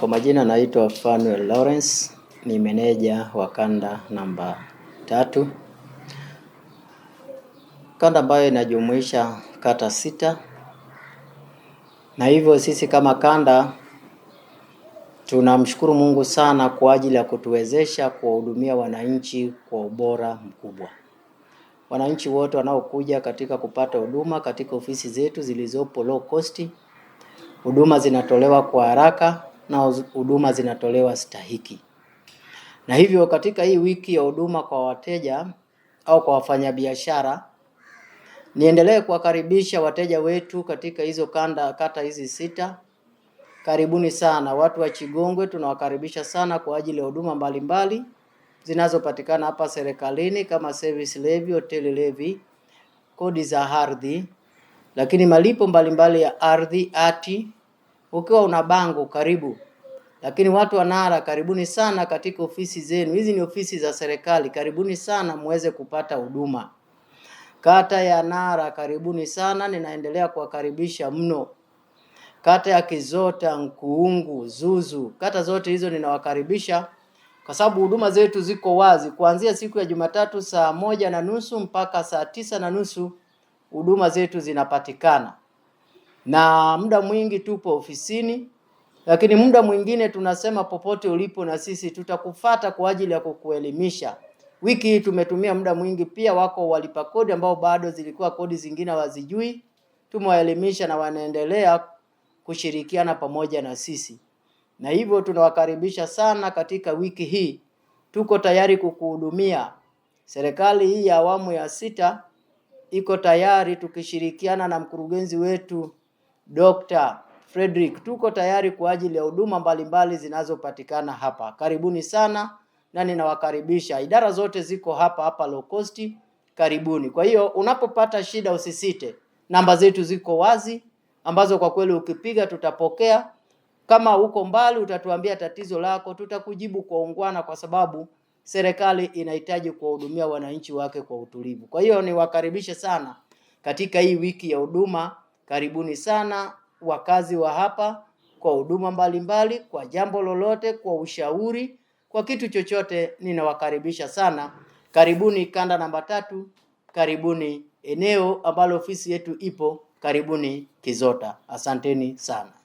Kwa majina naitwa Fanuel Lawrence, ni meneja wa kanda namba tatu, kanda ambayo inajumuisha kata sita, na hivyo sisi kama kanda tunamshukuru Mungu sana kwa ajili ya kutuwezesha kuwahudumia wananchi kwa ubora mkubwa. Wananchi wote wanaokuja katika kupata huduma katika ofisi zetu zilizopo low cost, huduma zinatolewa kwa haraka na huduma zinatolewa stahiki. Na hivyo katika hii wiki ya huduma kwa wateja au kwa wafanyabiashara, niendelee kuwakaribisha wateja wetu katika hizo kanda kata hizi sita. Karibuni sana watu wa Chigongwe, tunawakaribisha sana kwa ajili ya huduma mbalimbali zinazopatikana hapa serikalini kama service levy, hotel levy, kodi za ardhi, lakini malipo mbalimbali mbali ya ardhi ati. Ukiwa una bango, karibu. Lakini watu wa Nara, karibuni sana katika ofisi zenu. Hizi ni ofisi za serikali, karibuni sana muweze kupata huduma. Kata ya Nara, karibuni sana, ninaendelea kuwakaribisha mno. Kata ya Kizota, Nkuungu, Zuzu, kata zote hizo ninawakaribisha kwa sababu huduma zetu ziko wazi kuanzia siku ya Jumatatu saa moja na nusu mpaka saa tisa na nusu huduma zetu zinapatikana, na muda mwingi tupo ofisini. Lakini muda mwingine tunasema popote ulipo, na sisi tutakufata kwa ajili ya kukuelimisha. Wiki hii tumetumia muda mwingi, pia wako walipa kodi ambao bado zilikuwa kodi zingine wazijui tumewaelimisha na wanaendelea kushirikiana pamoja na sisi, na hivyo tunawakaribisha sana katika wiki hii. Tuko tayari kukuhudumia. Serikali hii ya awamu ya sita iko tayari, tukishirikiana na mkurugenzi wetu Dr. Frederick. Tuko tayari kwa ajili ya huduma mbalimbali zinazopatikana hapa. Karibuni sana na ninawakaribisha. Idara zote ziko hapa hapa low cost. Karibuni. Kwa hiyo unapopata shida usisite, namba zetu ziko wazi ambazo kwa kweli ukipiga tutapokea. Kama uko mbali, utatuambia tatizo lako, tutakujibu kwa ungwana, kwa sababu serikali inahitaji kuwahudumia wananchi wake kwa utulivu. Kwa hiyo niwakaribishe sana katika hii wiki ya huduma. Karibuni sana wakazi wa hapa kwa huduma mbalimbali, kwa jambo lolote, kwa ushauri, kwa kitu chochote, ninawakaribisha sana. Karibuni kanda namba tatu, karibuni eneo ambalo ofisi yetu ipo, karibuni Kizota. Asanteni sana.